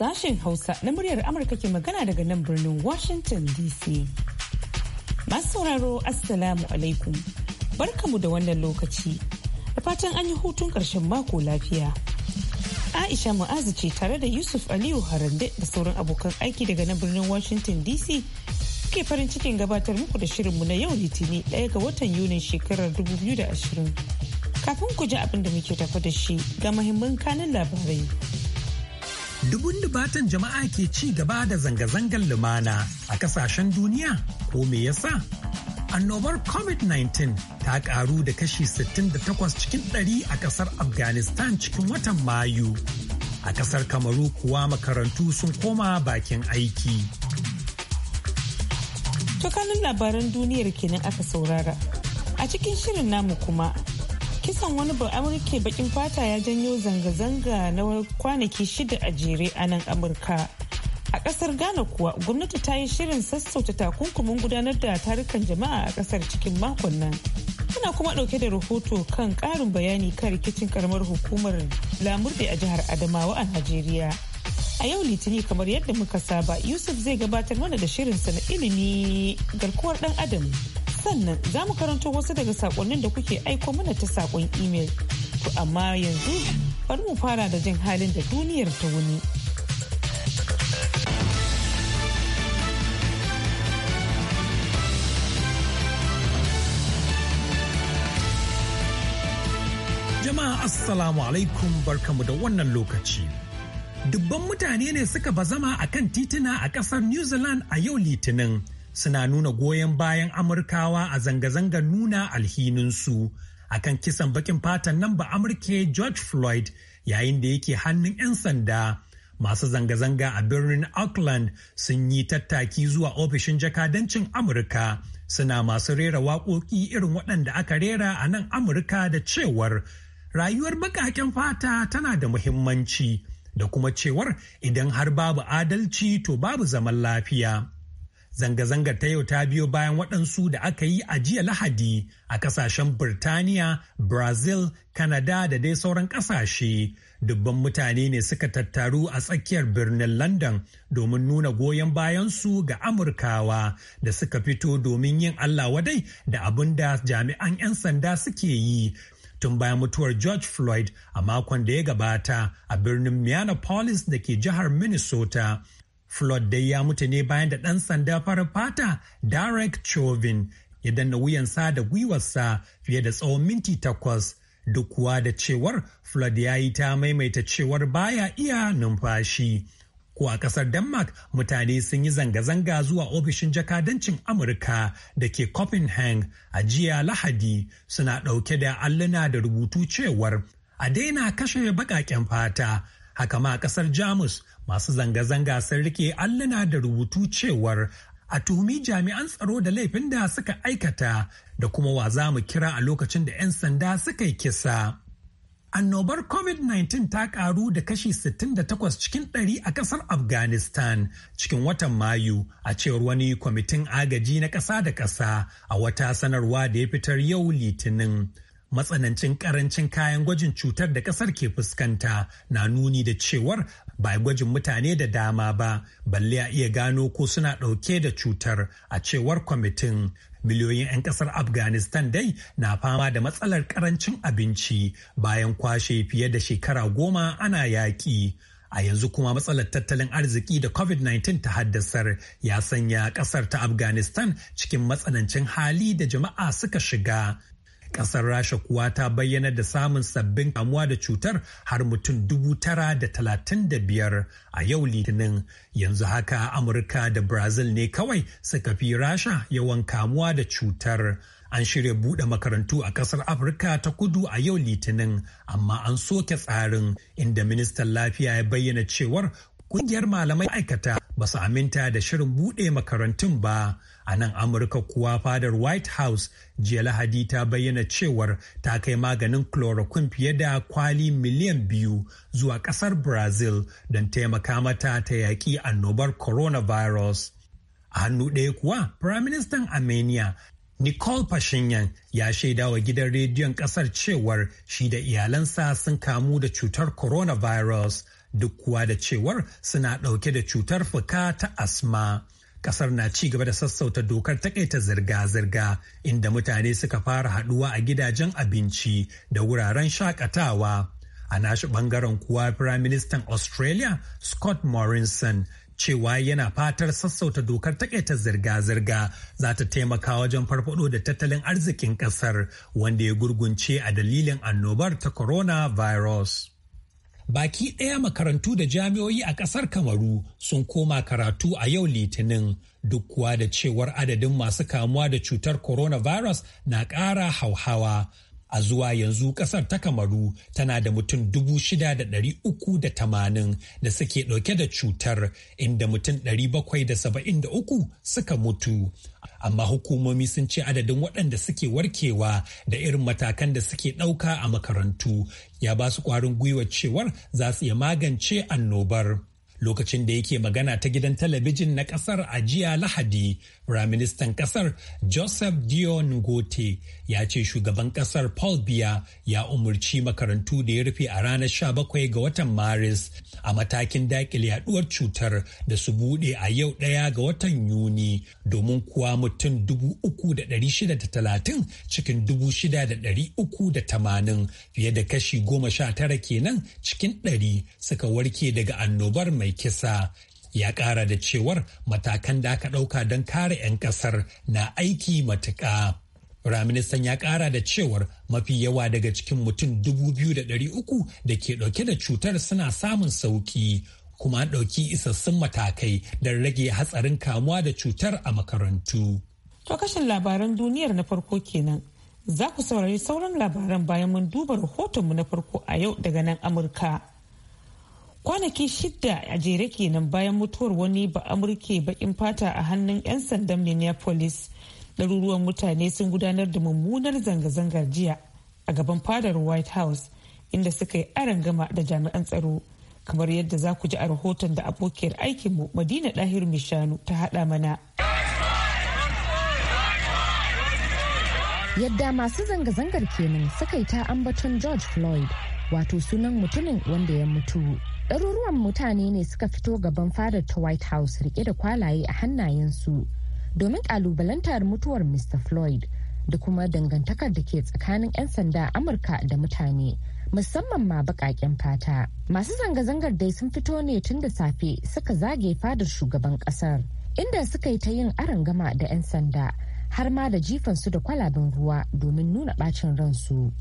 Sashen Hausa na muryar Amurka ke magana daga nan birnin Washington DC. Masu sauraro Assalamu alaikum. Barkamu da wannan lokaci. Da fatan an yi hutun ƙarshen mako lafiya. Aisha Mu'azu ce tare da Yusuf Aliyu Harande da sauran abokan aiki daga nan birnin Washington DC Suke farin cikin gabatar muku da shirinmu na yau Litini ɗaya ga watan Yunin shekarar 2020. Kafin ku ji abin da muke tafa da shi ga mahimman kanin labarai. dubun dubatan jama'a ke ci gaba da zanga zangan lumana a kasashen duniya ko me yasa? Annobar COVID-19 ta karu da kashi 68 cikin 100 a kasar Afghanistan cikin watan Mayu. A kasar Kamaru kuwa makarantu sun koma bakin aiki. Tukanin labaran duniyar kenan aka saurara. A cikin shirin namu kuma kisan wani ba amurke bakin fata ya janyo zanga-zanga na kwanaki shida a jere a nan amurka a kasar ghana kuwa gwamnati ta yi shirin sassauta takunkumin gudanar da tarukan jama'a a kasar cikin makon nan ana kuma dauke da rahoto kan karin bayani kan rikicin karamar hukumar lamurde a jihar adamawa a najeriya a yau litini kamar yadda muka saba yusuf zai gabatar mana da shirinsa na ilimi garkuwar dan adam sannan za mu karanto wasu daga sakonnin da kuke aiko mana ta saƙon imel to amma yanzu bari mu fara da jin halin da duniyar ta wuni jama'a assalamu alaikum barkamu da wannan lokaci dubban mutane ne suka bazama kan tituna a kasar new zealand a yau litinin suna nuna goyon bayan Amurkawa a zanga zanga nuna alhininsu a kan kisan bakin fatan nan ba Amurke George Floyd yayin da yake hannun 'yan sanda. Masu zanga-zanga a birnin Auckland sun yi tattaki zuwa ofishin jakadancin Amurka suna masu rera waƙoƙi irin waɗanda aka rera a nan Amurka da cewar rayuwar baƙaƙen fata tana da muhimmanci da kuma cewar idan har babu adalci to babu zaman lafiya. zanga zanga ta yau ta biyo bayan waɗansu da aka yi a jiya Lahadi a ƙasashen Birtaniya, Brazil, Canada da dai sauran ƙasashe. Dubban mutane ne suka tattaru a tsakiyar birnin London domin nuna goyon bayansu ga Amurkawa da suka fito domin yin Allah wadai da abin da jami'an 'yan sanda suke yi. tun bayan mutuwar George Floyd a makon da ya gabata a birnin Minneapolis da ke jihar Minnesota. Floyd dai ya mutu ne bayan da ɗan sanda farin fata Derek Chauvin ya danna wuyansa da gwiwarsa fiye da tsawon minti takwas duk kuwa da cewar Floyd ya yi ta maimaita cewar baya iya numfashi. Ko a ƙasar Denmark mutane sun yi zanga-zanga zuwa ofishin jakadancin Amurka da ke Copenhagen a jiya Lahadi suna ɗauke da alluna da rubutu cewar a daina kashe baƙaƙen fata. haka ma a kasar jamus masu zanga-zanga sun rike alluna da rubutu cewar a tuhumi jami'an tsaro da laifin da suka aikata da kuma wa za mu kira a lokacin da 'yan sanda suka yi kisa. Annobar COVID-19 ta karu da kashi 68 cikin 100 a kasar Afghanistan cikin watan Mayu a cewar wani kwamitin agaji na ƙasa da ƙasa a wata sanarwa da ya fitar yau Litinin. matsanancin karancin kayan gwajin cutar da kasar ke fuskanta na nuni da cewar ba gwajin mutane da dama ba balle a iya gano ko suna ɗauke da cutar a cewar kwamitin miliyoyin 'yan kasar afghanistan dai na fama da matsalar karancin abinci bayan kwashe fiye da shekara goma ana yaƙi a yanzu kuma matsalar tattalin arziki da covid-19 ta haddasar ya sanya kasar ta afghanistan cikin matsanancin hali da jama'a suka shiga Ƙasar Rasha kuwa ta bayyana da samun sabbin kamuwa da cutar har mutum dubu tara da talatin da biyar a yau litinin. Yanzu haka Amurka da Brazil ne kawai suka fi Rasha yawan kamuwa da cutar. An shirya buɗe makarantu a ƙasar Afirka ta kudu a yau litinin, amma an soke tsarin inda ministan lafiya ya bayyana cewar ƙungiyar malamai aikata ba su aminta da shirin buɗe makarantun ba A nan Amurka kuwa fadar White House jiya Lahadi ta bayyana cewar ta kai maganin chloroquine fiye da kwali miliyan biyu zuwa kasar Brazil don taimaka mata ta yaƙi annobar coronavirus. A hannu ɗaya kuwa, Firaministan Armenia Nicole Pashinyan ya shaida wa gidan rediyon kasar cewar shi da iyalansa sun kamu da cutar coronavirus duk kuwa da cewar suna ɗauke da cutar fuka ta asma. kasar na ci gaba da sassauta dokar takaita zirga-zirga inda mutane suka fara haduwa a gidajen abinci da wuraren shakatawa a nashi bangaren kuwa firaministan australia scott morrison cewa yana fatar sassauta dokar takaita zirga-zirga za ta taimaka wajen farfado da tattalin arzikin kasar wanda ya gurgunce a dalilin annobar ta coronavirus. baki ɗaya makarantu da jami'oyi a ƙasar kamaru sun koma karatu a yau litinin duk kuwa da cewar adadin masu kamuwa da cutar coronavirus na ƙara hauhawa a zuwa yanzu kasar ta kamaru tana da mutum dubu shida da ɗari uku da tamanin da suke ɗauke da cutar inda mutum ɗari bakwai da saba'in da uku suka mutu amma hukumomi sun ce adadin waɗanda suke warkewa da irin matakan da suke ɗauka a makarantu ya ba su ƙwarin gwiwa cewar za su iya magance annobar lokacin da yake magana ta gidan talabijin na kasar a jiya lahadi firaministan kasar joseph dion ngote ya ce shugaban kasar paul biya ya umarci makarantu da ya rufe a ranar 17 ga watan maris a matakin dakile yaduwar cutar da su bude a yau daya ga watan yuni domin kuwa mutum 3,630 cikin 6,380 fiye da kashi 19 kenan cikin 100 suka warke daga annobar mai mai kisa ya ƙara da cewar matakan da aka ɗauka don kare 'yan ƙasar na aiki matuƙa. Raministan ya ƙara da cewar mafi yawa daga cikin mutum 2,300 da ke ɗauke da cutar suna samun sauƙi kuma an ɗauki isassun matakai don rage hatsarin kamuwa da cutar a makarantu. To kashin labaran duniyar na farko kenan. Za ku saurari sauran labaran bayan mun duba rahotonmu na farko a yau daga nan Amurka. kwanaki shidda a jere kenan bayan mutuwar wani ba amurke bakin fata a hannun 'yan sandan minneapolis ɗaruruwan mutane sun gudanar da mummunar zanga-zangar jiya a gaban fadar white house inda suka yi gama da jami'an tsaro kamar yadda za ku ji a rahoton da abokiyar aikinmu madina ɗahir mishanu ta haɗa mana yadda masu zanga-zangar kenan suka yi ta ambaton george floyd wato sunan mutumin wanda ya mutu ɗaruruwan mutane ne suka fito gaban fadar ta white house rike da kwalaye a hannayensu domin ƙalubalantar mutuwar mr floyd da kuma dangantakar da ke tsakanin 'yan sanda amurka da mutane musamman ma baƙaƙen fata masu zanga-zangar dai sun fito ne tun da safe suka zage fadar shugaban ƙasar inda suka yi ta yin arangama da 'yan sanda har ma da jifansu da kwalaben ruwa domin nuna ɓacin ransu.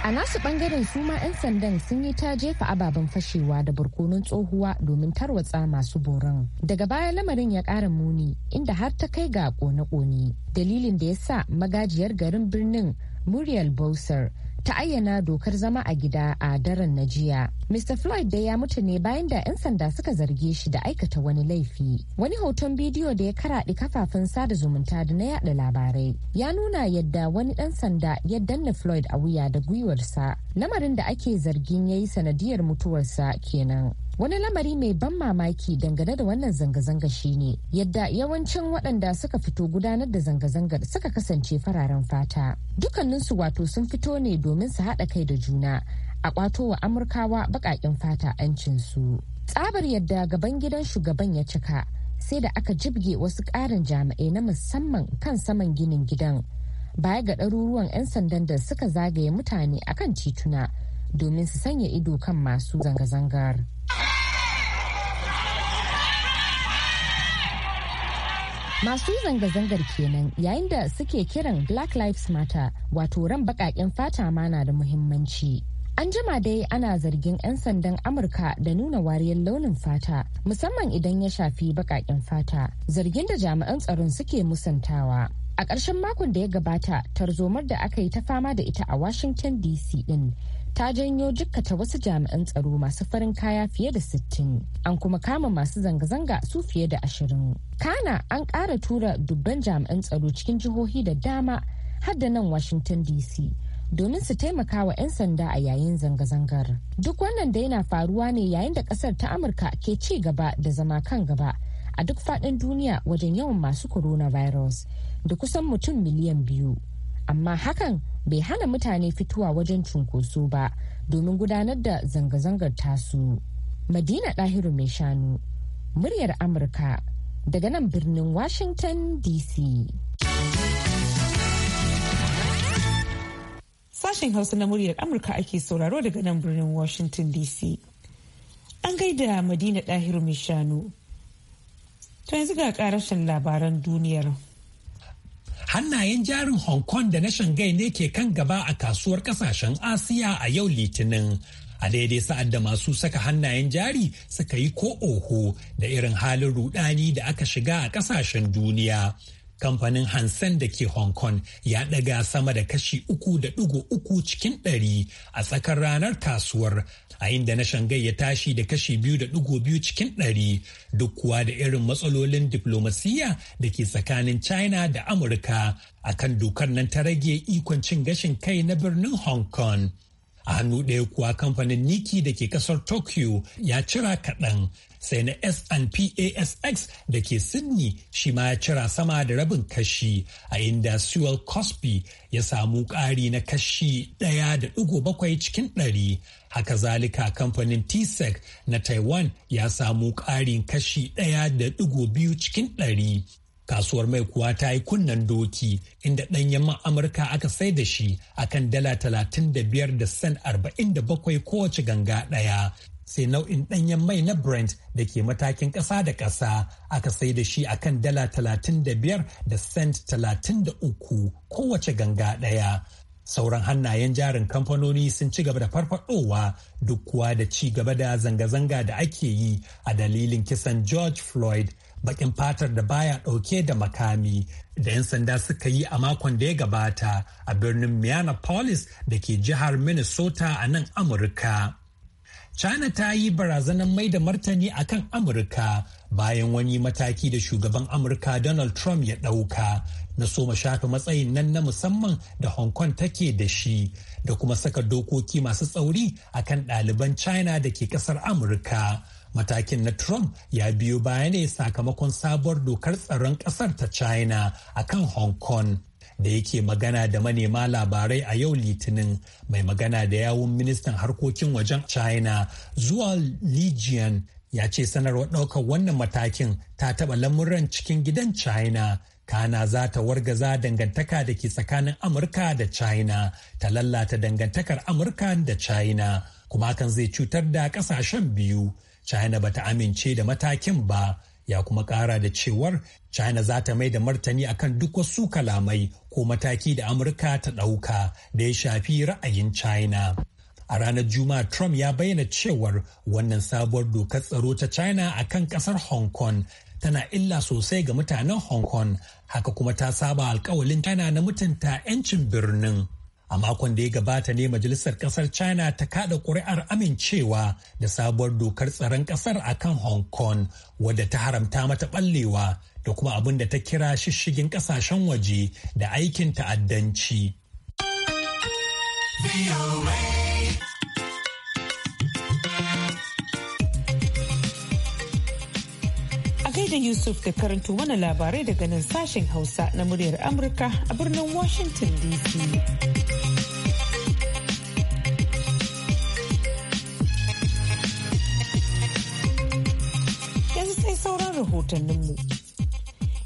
A nasu bangaren suma 'yan sandan sun yi ta jefa ababen fashewa da barkonon tsohuwa domin tarwatsa masu boron. Daga baya lamarin ya ƙara muni inda har ta kai ga kone-kone. Dalilin da ya sa magajiyar garin birnin Muriel Bowser ta ayyana dokar zama a gida a daren na jiya. Mr. Floyd da ya mutu ne bayan da 'yan sanda suka zarge shi da aikata wani laifi. Wani hoton bidiyo da ya karaɗe kafafen sada zumunta da na yada labarai ya nuna yadda wani ɗan sanda ya danna Floyd a wuya da gwiwarsa, lamarin da ake zargin ya yi sanadiyar mutuwarsa kenan. Wani lamari mai ban mamaki dangane da wannan zanga-zanga shine yadda yawancin waɗanda suka fito gudanar da zanga-zangar suka kasance fararen fata. Dukanninsu wato sun fito ne domin su haɗa kai da juna a ƙwato wa Amurkawa baƙaƙen fata su Tsabar yadda gaban gidan shugaban ya cika sai da aka jibge wasu ƙarin jami'ai na musamman kan saman ginin gidan. Baya ga ɗaruruwan 'yan sandan da suka zagaye mutane akan tituna domin su sanya ido kan masu zanga-zangar. Masu zanga-zangar kenan yayin da suke kiran Black Lives Matter wato ran baƙaƙen fata ma na da muhimmanci. An jima dai ana zargin 'yan sandan Amurka da nuna wariyar launin fata musamman idan ya shafi baƙaƙen fata zargin da jami'an tsaron suke musantawa. A ƙarshen makon da ya gabata tarzomar da aka yi ta fama da ita a Washington DC din ta janyo jikkata wasu jami'an tsaro masu farin kaya fiye da sittin an kuma kama masu zanga-zanga su fiye da ashirin kana an ƙara tura dubban jami'an tsaro cikin jihohi da dama har da nan washington dc domin su taimaka wa 'yan sanda a yayin zanga-zangar duk wannan da yana faruwa ne yayin da kasar ta amurka ke ci gaba da zama kan gaba a duk faɗin duniya wajen yawan masu coronavirus da kusan mutum miliyan biyu amma hakan bai hana mutane fitowa wajen cunkoso ba domin gudanar da zanga-zangar tasu. Madina ɗahiru mai shanu, muryar Amurka, daga nan birnin Washington DC. Sashen Hausa na muryar Amurka ake sauraro daga nan birnin Washington DC. An gaida Madina ɗahiru mai shanu. tun yanzu ga ƙarashin labaran duniyar. hannayen jarin hong kong da na shanghai ne ke kan gaba a kasuwar kasashen asiya a yau litinin a daidai sa'ad da masu saka hannayen jari suka yi ko oho da irin halin rudani da aka shiga a kasashen duniya kamfanin Hansen da ke Hong Kong ya ɗaga sama da kashi uku da uku cikin ɗari a tsakar ranar kasuwar a inda na shangai ya tashi da kashi biyu da ɗigo biyu cikin ɗari duk kuwa da irin matsalolin diflomasiyya da ke tsakanin china da amurka akan dokar nan ta rage ikon cin gashin kai na birnin hong kong a hannu ɗaya kuwa kamfanin niki da ke kasar tokyo ya cira kaɗan sai na snpasx da ke sydney shi ma ya cira sama da rabin kashi a inda sewell cosby ya samu ƙari na kashi ɗaya da ɗigo bakwai cikin ɗari haka zalika kamfanin tsec na taiwan ya samu ƙarin kashi ɗaya da ɗigo biyu cikin ɗari kasuwar mai kuwa ta yi kunnen doki inda ɗanyen amurka aka sai da shi akan dala 35 da 47 kowace ganga ɗaya sai nau'in ɗanyen mai na Brent da ke matakin ƙasa da ƙasa aka sai da shi akan dala 35 da cent 33 kowace ganga ɗaya. Sauran hannayen jarin kamfanoni sun ci gaba da farfadowa duk kuwa da ci gaba da zanga-zanga da ake yi a dalilin kisan George Floyd bakin fatar da baya ɗauke da makami da 'yan sanda suka yi a makon da ya gabata a birnin Minneapolis da ke jihar Minnesota a nan Amurka. China ta yi barazanar mai da martani akan Amurka bayan wani mataki da shugaban Amurka Donald Trump ya ɗauka na so soma shafe matsayin nan na musamman da Hong Kong take da shi da kuma saka dokoki masu tsauri a kan ɗaliban China da ke ƙasar Amurka. Matakin na Trump ya biyo baya ne sakamakon sabuwar dokar tsaron ƙasar ta China a kan Hong Kong. da yake magana da manema labarai a yau litinin mai magana da yawun ministan harkokin wajen china zuwa lijian ya ce sanarwar ɗaukar wannan matakin ta taɓa lamuran cikin gidan china kana za ta wargaza dangantaka da ke tsakanin amurka da china ta lallata dangantakar amurka da china kuma hakan zai cutar da ƙasashen biyu china ba ta amince da matakin ba ya kuma ƙara da cewar china za ta mai da martani akan duk wasu kalamai ko mataki da Amurka ta ɗauka da ya shafi ra'ayin China. A ranar Juma'a Trump ya bayyana cewar wannan sabuwar dokar tsaro ta China a kan ƙasar Hong Kong tana illa sosai ga mutanen Hong Kong haka kuma ta saba alkawalin China na mutunta 'yancin birnin. A makon da ya gabata ne Majalisar ƙasar China ta kada ƙuri'ar amincewa da sabuwar dokar tsaron ƙasar a kan Hong Kong wadda ta haramta mata ɓallewa da kuma abin da ta kira shishigin kasashen waje da aikin ta'addanci. da Yusuf da karanto mana labarai daga nan sashen Hausa na muryar Amurka a birnin Washington DC. Yanzu sai sauran mu.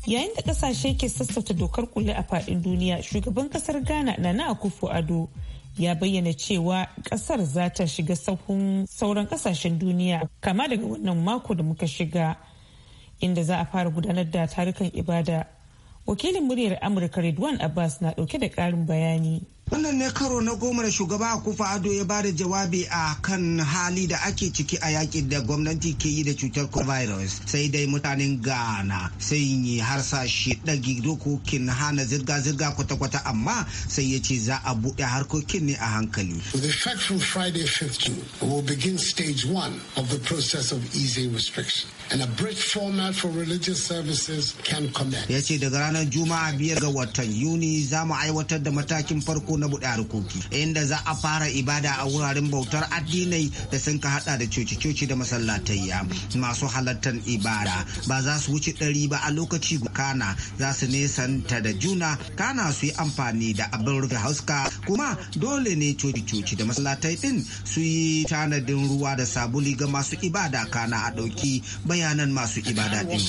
yayin da kasashe ke sassauta dokar kulle a fadin duniya shugaban kasar ghana nana akufo ado ya bayyana cewa kasar za ta shiga sahun sauran kasashen duniya kama daga wannan mako da muka shiga inda za a fara gudanar da tarukan ibada wakilin muryar amurka redwan abbas na dauke da karin bayani wannan ne karo na goma da shugaba kufa ado ya bada jawabi a kan hali da ake ciki a yakin da gwamnati ke yi da cutar coronavirus sai dai mutanen ghana sai yi harsashe ɗagi dokokin hana zirga-zirga kwata-kwata amma sai ya ce za a buɗe harkokin ne a hankali The from stage one of the process of restriction and format for religious services can ya ce daga ranar juma'a biyar ga watan yuni za mu aiwatar da matakin farko farko na buɗe harkoki inda za a fara ibada a wuraren bautar addinai da sun ka hada da coci-coci da masallatayya masu halartar ibada ba za su wuce ɗari ba a lokaci kana za su nesanta da juna kana su yi amfani da abin rufe hauska kuma dole ne coci-coci da masallatai din su yi tanadin ruwa da sabuli ga masu ibada kana a ɗauki bayanan masu ibada din.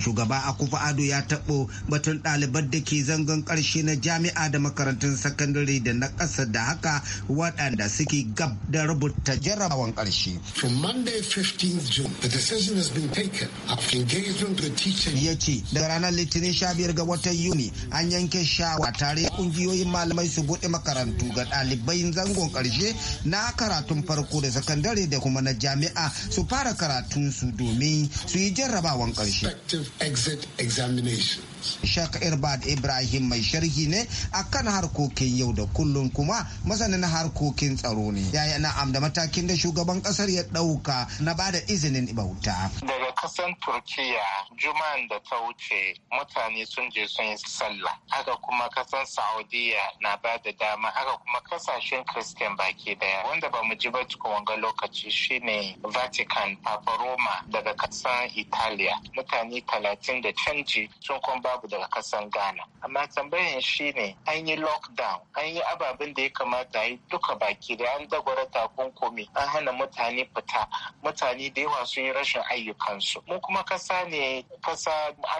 Shugaba Akufa Ado ya taɓo batun ɗaliban da ke zangon ƙarshe na jami'a da makarantun sakandare da na ƙasa da haka waɗanda suke gab da rubuta jarabawan ƙarshe. From Monday 15th June, the decision has been taken after engagement with teachers. Ya ce, da ranar Litinin 15 ga watan Yuni an yanke shawa tare ƙungiyoyin malamai su buɗe makarantu ga ɗalibai zangon ƙarshe na karatun farko da sakandare da kuma na jami'a su fara karatunsu domin su yi jarrabawan ƙarshe. Exit examination. Sheikh Irbad Ibrahim mai sharhi ne akan harkokin yau da kullum kuma masanin harkokin tsaro ne. Yaya na'am da matakin da shugaban kasar ya ɗauka na ba da izinin bauta. Daga kasan Turkiya juma'an da ta wuce mutane sun je sun yi sallah. Haka kuma kasan Saudiya na ba da dama haka kuma kasashen Christian baki daya wanda ba mu ji ba tukun wanga lokaci shine Vatican Papa Roma daga kasan Italia, Mutane talatin da canji sun kuma ba babu daga kasan ghana amma tambayan shine an yi lockdown an yi ababen da ya kamata yi duka baki da an dagwara takunkumi an hana mutane fita mutane da yawa sun yi rashin ayyukansu mu kuma kasa ne kasa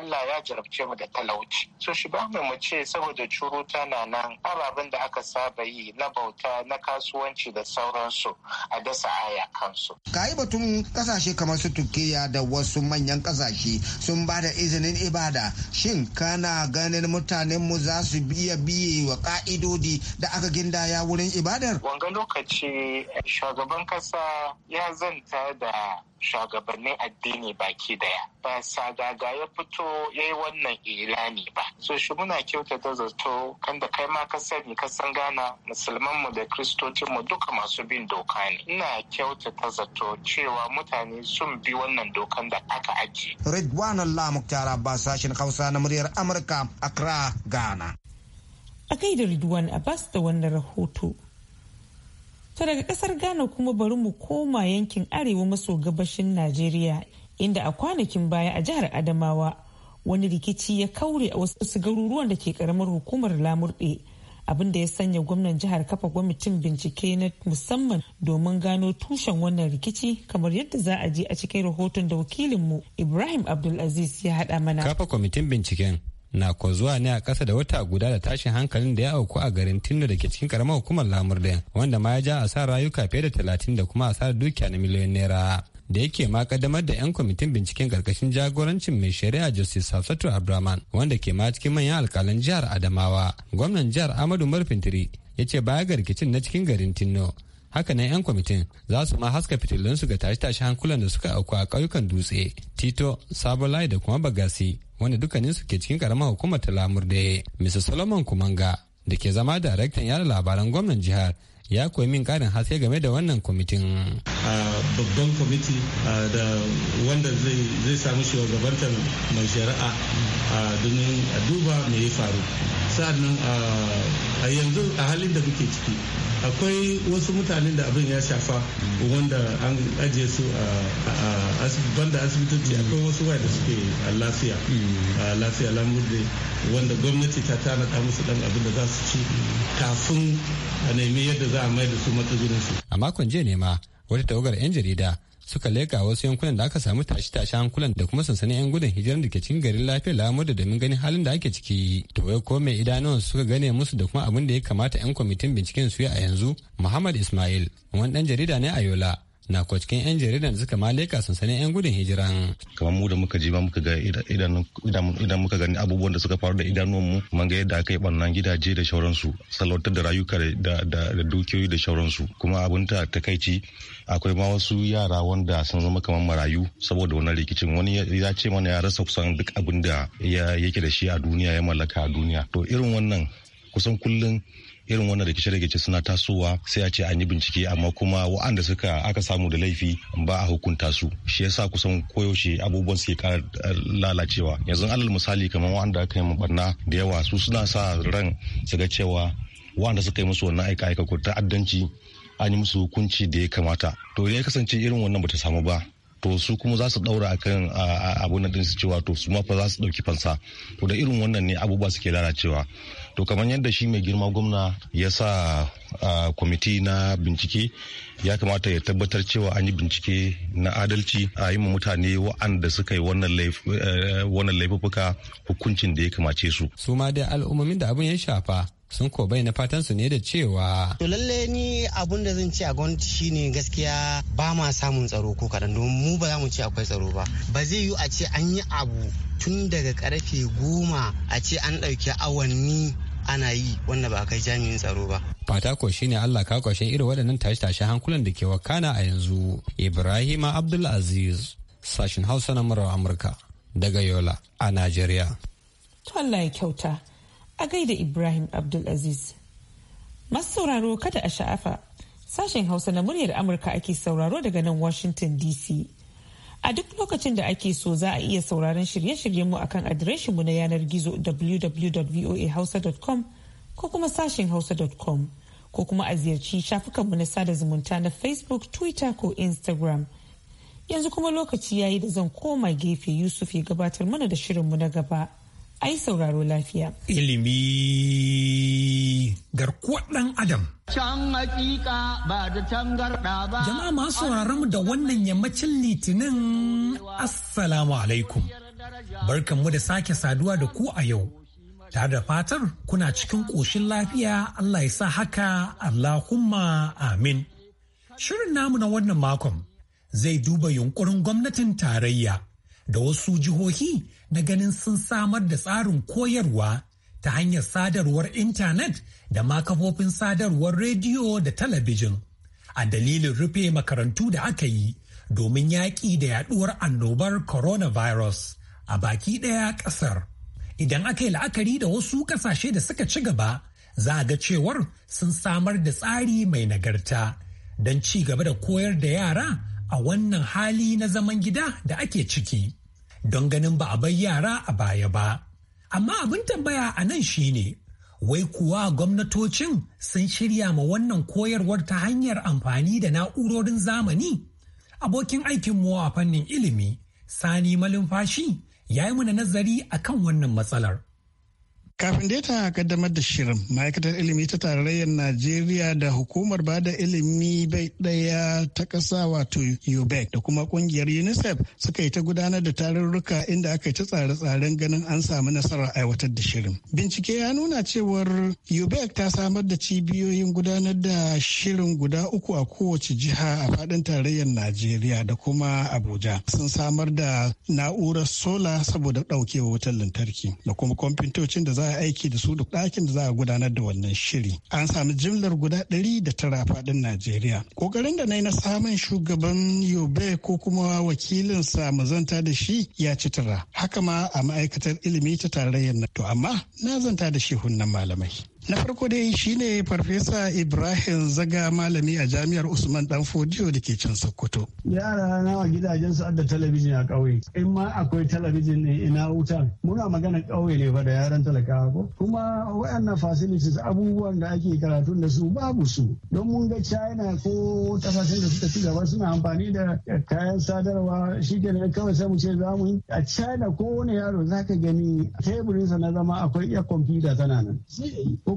allah ya jarabce mu da talauci so shi ba mu ce saboda curuta na nan ababen da aka saba yi na bauta na kasuwanci da sauransu a dasa aya kansu ka yi batun kasashe kamar su turkiya da wasu manyan kasashe sun ba da izinin ibada shin shin kana ganin mutanen mu za su biya biye wa ka'idodi da aka gindaya wurin ibadar? Wanga lokaci shugaban kasa ya zanta da shugabannin addini baki daya ba sagaga ya fito ya yi wannan ilani ba so shi muna kyautata zato kan da kai ma ka sani ka san gana musulman mu da kristocin mu duka masu bin doka ne ina kyauta ta zato cewa mutane sun bi wannan dokan da aka aji Ridwan Allah muktara ba sashin Hausa na muryar Amurka Accra Ghana A da Ridwan Abbas da wannan rahoto To daga kasar Ghana kuma bari mu koma yankin arewa maso gabashin Najeriya inda a kwanakin baya a jihar Adamawa wani rikici ya kaure a wasu garuruwan da ke karamar hukumar lamurɗe abin da ya sanya gwamnan jihar kafa gwamnatin bincike na musamman domin gano tushen wannan rikici kamar yadda za a je a cikin rahoton da wakilinmu Ibrahim Abdulaziz ya haɗa mana. Kafa kwamitin binciken na ko zuwa ne a kasa da wata guda da tashin hankalin da ya auku a garin Tindo da ke cikin karamar hukumar da wanda ma ya ja asarar rayuka fiye da talatin da kuma asarar dukiya na miliyoyin naira. da yake ma kaddamar da 'yan kwamitin binciken karkashin jagorancin mai shari'a justice Hafsatu abraman. wanda ke ma cikin manyan alkalan jihar Adamawa. Gwamnan jihar Amadu Marfintiri ya ce baya ga rikicin na cikin garin Tinno haka nan 'yan kwamitin za su ma haska fitilunsu ga tashe tashi hankulan da suka auku a ƙauyukan dutse tito sabolai da kuma bagasi wanda su ke cikin karamar hukumar ta lamurde mr solomon kumanga da ke zama daraktan yada labaran gwamnan jihar ya koyi min karin haske game da wannan kwamitin. babban kwamiti da wanda zai samu shugabantar mai shari'a domin a duba me ya faru sa'annan a yanzu a halin da muke ciki akwai wasu mutanen da abin ya shafa wanda an ajiye su a banda asibitoci mm. akwai wasu waya da suke a lafiya mm. a lafiya lamurde wanda gwamnati ta tanada musu dan abin da za su ci kafin a nemi yadda za a mai da su matsugunin a makon jiya ne ma wata tawagar yan jarida suka leka wasu yankunan da aka samu tashi-tashi hankulan da kuma sansanin 'yan gudun hijirar da ke cikin garin lafiyar da domin ganin halin da ake ciki to wai ko mai idanuwan suka gane musu da kuma abin da ya kamata 'yan kwamitin binciken su yi a yanzu muhammad ismail wani dan jarida ne a yola na ko 'yan jaridan da suka maleka sansanin 'yan gudun hijiran. kamar mu da muka ji ba muka ga idan muka gani abubuwan da suka faru da idanuwanmu mun ga yadda aka yi barnan gidaje da shauransu salwantar da rayuka da dukiyoyi da shauransu kuma abin ta takaici akwai ma wasu yara wanda sun zama kamar marayu saboda wannan rikicin wani ya ce mana ya rasa kusan duk abin da yake da shi a duniya ya mallaka a duniya to irin wannan kusan kullum irin wannan rikice-rikice suna tasowa sai a ce an yi bincike amma kuma wa'anda suka aka samu da laifi ba a hukunta su shi yasa kusan koyaushe abubuwan suke kara eh, lalacewa yanzu alal misali kamar wa'anda aka yi barna da yawa su suna sa ran su ga cewa wa'anda suka yi musu wannan aika-aika ko ta'addanci an yi musu hukunci da ya kamata to ya kasance irin wannan bata samu ba to su kuma za su daura akan abu na su cewa to su ma fa za su dauki fansa to da irin wannan ne abubuwa suke lalacewa to kamar yadda shi mai girma gwamna ya sa kwamiti na bincike ya kamata ya tabbatar cewa an yi bincike na adalci a yi mutane wa'anda suka yi wannan eh, laifuka hukuncin da ya kamace su su ma dai al'ummomin da abin ya shafa sun ko bai na fatan su ne da cewa to lalle ni abun da zan ce a gwamnati shine gaskiya ba ma samun tsaro ko kadan don mu ba za mu ce akwai tsaro ba ba zai yiwu a ce an yi abu tun daga karfe goma a ce an ɗauki awanni ana yi wanda ba kai jami'in tsaro ba fata ko shine Allah ka kwashe irin waɗannan tashe tashi hankulan da ke wakana a yanzu Ibrahima Abdul Aziz sashin Hausa na murar Amurka daga Yola a Najeriya to Allah ya kyauta a gaida Ibrahim Abdulaziz. Masu sauraro kada a sha'afa sashen Hausa na muryar Amurka ake sauraro daga nan Washington DC. A duk lokacin da ake so za a iya sauraron shirye-shiryenmu akan adireshinmu na yanar gizo www.voahausa.com ko kuma sashen hausa.com ko kuma a ziyarci shafukanmu na sada zumunta na Facebook, Twitter ko Instagram. Yanzu kuma lokaci yayi da zan koma gefe Yusuf ya gabatar mana da shirinmu na gaba. ai sauraro lafiya. Ilimi garkuwar ɗan Adam. Can hakika ba da garɗa ba. Jama'a masu sauraron mu da wannan yammacin litinin Assalamu alaikum. Barkanmu da sake saduwa da ku a yau. Tare da fatar kuna cikin ƙoshin lafiya Allah ya sa haka Allahumma amin. Shirin namu na wannan makon zai duba yunkurin gwamnatin tarayya. da wasu jihohi na ganin sun samar da tsarin koyarwa ta hanyar sadarwar intanet da ma kafofin sadarwar rediyo da talabijin a dalilin rufe makarantu da aka yi domin yaƙi da yaɗuwar annobar coronavirus a baki ɗaya ƙasar. Idan aka yi la'akari da wasu ƙasashe da suka ci gaba, za a ga cewar sun samar da tsari mai nagarta don ci gaba da koyar da yara a wannan hali na zaman gida da ake ciki don ganin ba a bai yara a baya ba. Amma abin tambaya a nan shine wai kuwa gwamnatocin sun shirya ma wannan koyarwar ta hanyar amfani da na'urorin zamani? Abokin aikin a fannin ilimi, Sani Malumfashi, ya yi mana nazari a kan wannan matsalar. Kafin da ta kaddamar da shirin, ma'aikatar ilimi ta tarayyar Najeriya da hukumar bada ilimi bai ɗaya ta ƙasa wato UBEC da kuma ƙungiyar UNICEF suka yi ta gudanar da tarurruka inda aka yi ta tsare-tsaren ganin an samu nasarar aiwatar da shirin. Bincike ya nuna cewar UBEC ta samar da cibiyoyin gudanar da shirin guda uku a kowace jiha a faɗin tarayyar Najeriya da kuma Abuja. Sun samar da na'urar sola saboda ɗaukewa wutar lantarki da kuma kwamfutocin da za za a aiki da su da ɗakin da za a gudanar da wannan shiri an sami jimlar guda ɗari da tara faɗin najeriya ƙoƙarin da na yi na samun shugaban yobe ko kuma wakilin wakilinsa zanta da shi ya ci tara haka ma a ma'aikatar ilimi ta tarayyar to amma na zanta da shi shehun malamai na farko dai shine farfesa ibrahim zaga malami a jami'ar usman dan fodiyo da ke can sokoto yara a gidajen su da talabijin a ƙauye in ma akwai talabijin ne ina wutan muna magana ƙauye ne fa da yaran talakawa ko kuma waɗannan facilities abubuwan da ake karatu da su babu su don mun ga china ko kasashen da suka ci gaba suna amfani da kayan sadarwa shi da kawai sai mu ce za mu yi a china ko wani yaro zaka gani teburinsa na zama akwai iya kwamfuta tana nan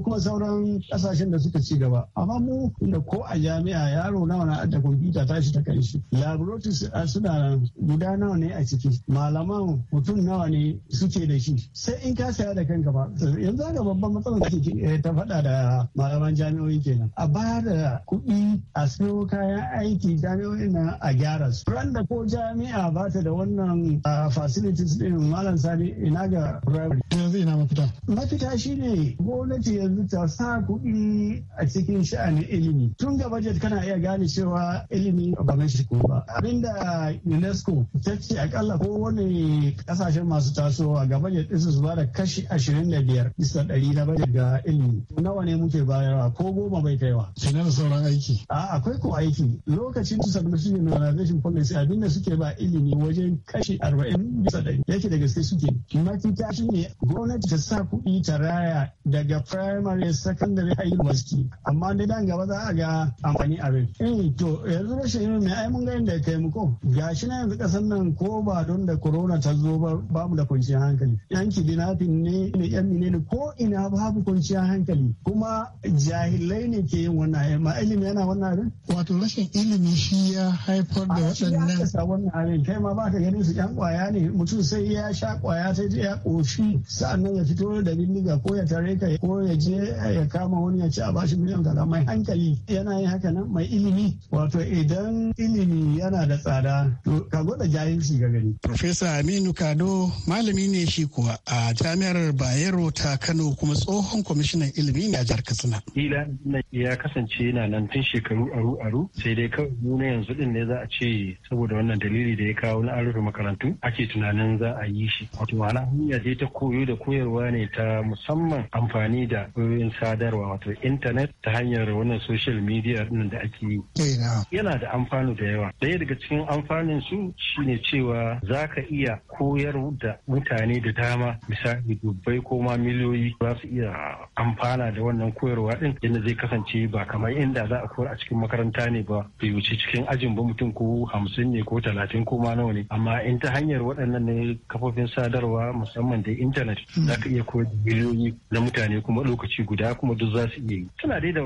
ko kuma sauran kasashen da suka ci gaba amma mu da ko a jami'a yaro nawa na da kwamfuta ta shi ta kai shi laboratories ah, suna guda nawa ne a ciki malaman mutum nawa ne suke da shi sai in ka saya da kanka ba yanzu haka babban matsalar da eh, ta faɗa da malaman jami'o'i kenan a ba da kuɗi a siyo kayan aiki jami'o'in na a gyara su da ko jami'a ba ta da wannan ah, facilities din malam sani ina ga primary ta yanzu ina mafita mafita shine gwamnati yanzu ta sa kuɗi a cikin sha'anin ilimi tun ga bajet kana iya gane cewa ilimi ba mai shi ba abinda unesco ta ce akalla wani kasashen masu tasowa ga bajet isa su ba da kashi ashirin da biyar bisa ɗari na bajet ga ilimi nawa ne muke bayarwa ko goma bai kaiwa kenan da sauran aiki a akwai ko aiki lokacin su sabbin su policy abinda suke ba ilimi wajen kashi arba'in bisa ɗari yake da gaske suke mafita shine gwamnati ta sa kuɗi ta raya daga primary secondary high university amma da dan gaba za a ga amfani abin eh to yanzu rashin ilimi mai ai mun ga inda kai mu ko gashi na yanzu kasan nan ko ba don da corona ta zo ba babu da kwanciyar hankali yan kidnapping ne ne yan ne ko ina babu kwanciyar hankali kuma jahilai ne ke yin wannan ai ma ilimi yana wannan abin wato rashin ilimi shi ya haifar da waɗannan wannan abin kai ma ba ka ganin su yan kwaya ne mutum sai ya sha kwaya ta ya koshi sa'annan ya fito da bindiga ko ya tare ka ko ya je eh, ya kama wani ya ci a bashi miliyan kaza mai hankali yana yin haka nan mai ilimi wato idan ilimi yana da tsada to ka gwada jahilci ga gani. Profesa Aminu Kado malami ne shi kuwa a jami'ar Bayero ta Kano kuma tsohon kwamishinan ilimi ne a jihar Katsina. Ila ya kasance yana nan tun shekaru aru aru sai dai kawai nuna yanzu din ne za a ce saboda wannan dalili da ya kawo na an makarantu ake tunanin za a yi shi. Wato ma'ana hanya dai ta koyo koyo da koyarwa ne ta musamman amfani da wayoyin sadarwa wato intanet ta hanyar wannan social media din da ake yi eh, yana da amfani da yawa daya daga cikin amfanin su shine cewa za ka iya koyar da mutane da dama misali dubbai ko ma miliyoyi za su iya amfana da wannan koyarwa din yadda zai kasance ba kamar inda za a koyar a cikin makaranta ne ba bai wuce cikin ajin ba mutum ko hamsin ne ko talatin ko ma nawa ne amma in ta hanyar waɗannan ne kafofin sadarwa musamman da intanet intanet za ka iya koyar da miliyoyi na mutane kuma lokaci guda kuma duk za su iya yi tana dai da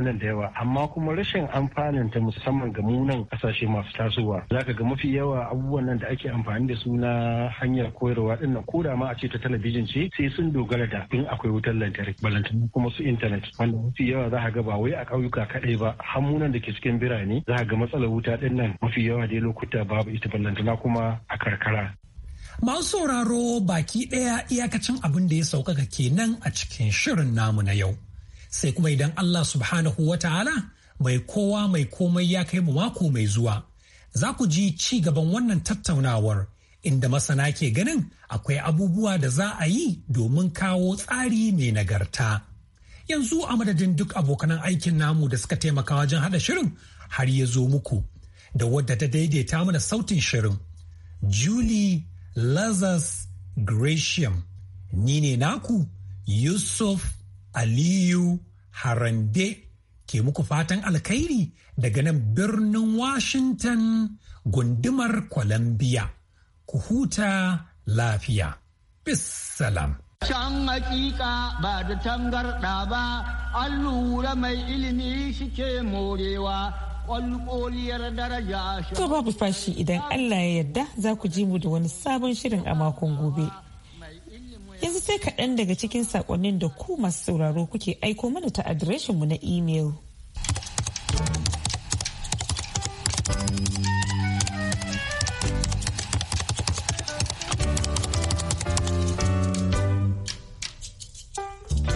nan da yawa amma kuma rashin amfanin ta musamman ga munan kasashe masu tasowa za ka ga mafi yawa abubuwan nan da ake amfani da su na hanyar koyarwa din nan koda ma a ce ta talabijin ce sai sun dogara da in akwai wutar lantarki balantana kuma su intanet wanda mafi yawa za ka ga ba wai a ƙauyuka kaɗai ba hamunan da ke cikin birane za ka ga matsalar wuta din nan mafi yawa dai lokuta babu ita balantana kuma a karkara Masu sauraro baki ɗaya iyakacin abin da ya sauƙaƙa kenan a cikin shirin namu na yau. Sai kuma idan Allah subhanahu wa ta'ala mai kowa mai komai ya kai mu mako mai zuwa. Za ku ji ci gaban wannan tattaunawar inda masana ke ganin akwai abubuwa da za a yi domin kawo tsari mai nagarta. Yanzu a madadin duk abokan aikin namu da suka taimaka wajen haɗa shirin har ya zo muku da wadda ta daidaita mana sautin shirin. Julie Lazarus Gratiam, ni ne naku Yusuf Aliyu Harande ke muku fatan alkhairi daga nan birnin Washington gundumar Columbia. Ku huta lafiya. Bissalam. Can hakika ba da tangarɗa ba, an lura mai ilimi shi ke morewa. kwalkoliyar daraja babu fashi idan Allah ya yarda za ku ji mu da wani sabon shirin a makon gobe. Yanzu sai kaɗan daga cikin saƙonnin da ku masu sauraro kuke aiko mana ta mu na imel.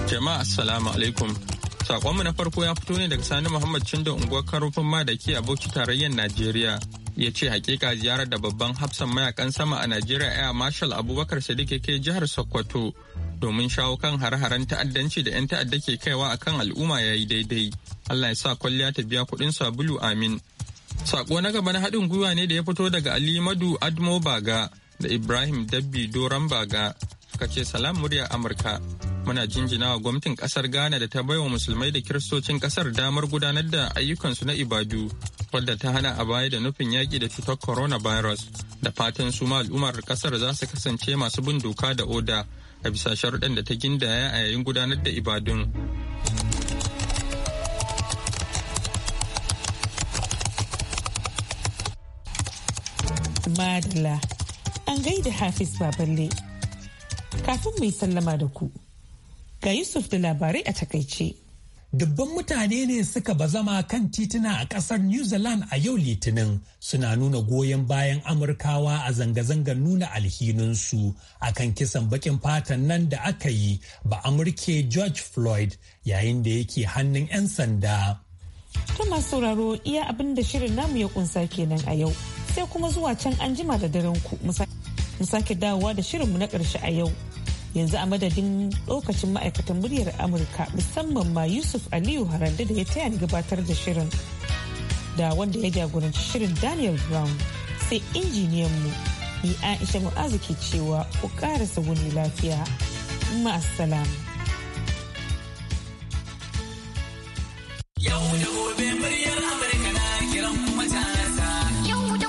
Jama'a Assalamu alaikum. Sakonmu na farko ya fito ne daga Sani Muhammad Chindo unguwar Karofin Madaki a Bauchi tarayyar Najeriya. Ya ce hakika ziyarar da babban hafsan mayakan sama a Najeriya Air Marshal Abubakar Sadiq ke jihar Sokoto domin shawo kan hare-haren ta'addanci da 'yan ta'adda ke kaiwa akan al'umma ya yi daidai. Allah ya sa kwalliya ta biya kuɗin sabulu amin. Sako na gaba na haɗin gwiwa ne da ya fito daga Ali Madu Admo Baga da Ibrahim Dabbi doran Baga. Suka ce salam murya Amurka. muna jinjinawa gwamnatin kasar ghana da ta baiwa musulmai da kiristocin kasar damar gudanar da ayyukansu na ibadu wadda ta hana a baya da nufin yaƙi da cutar coronavirus da fatan su ma al'ummar kasar za su kasance masu bin doka da oda a bisa sharuɗan da ta gindaya a yayin gudanar da ibadun madala an gaida hafiz baballe kafin mai sallama da ku ga Yusuf da labarai a takaice. Dubban mutane ne suka bazama kan tituna a kasar New Zealand a yau Litinin suna nuna goyon bayan Amurkawa a zanga-zangar nuna alhininsu a kan kisan bakin fatan nan da aka yi ba Amurke George Floyd yayin da yake hannun 'yan sanda. Tuma sauraro iya abin da shirin namu ya kunsa kenan a yau sai kuma zuwa can an jima da daren ku mu sake dawowa da shirinmu na ƙarshe a yau. yanzu a madadin lokacin ma'aikatan muryar amurka musamman ma yusuf aliyu harande da ya taya ni gabatar da shirin da wanda ya jagoranci shirin daniel brown sai injiniyan mu ni aisha mu'azu ke cewa ku karasa wuni lafiya ma'asalam yau da gobe muryar amurka na kiran mutane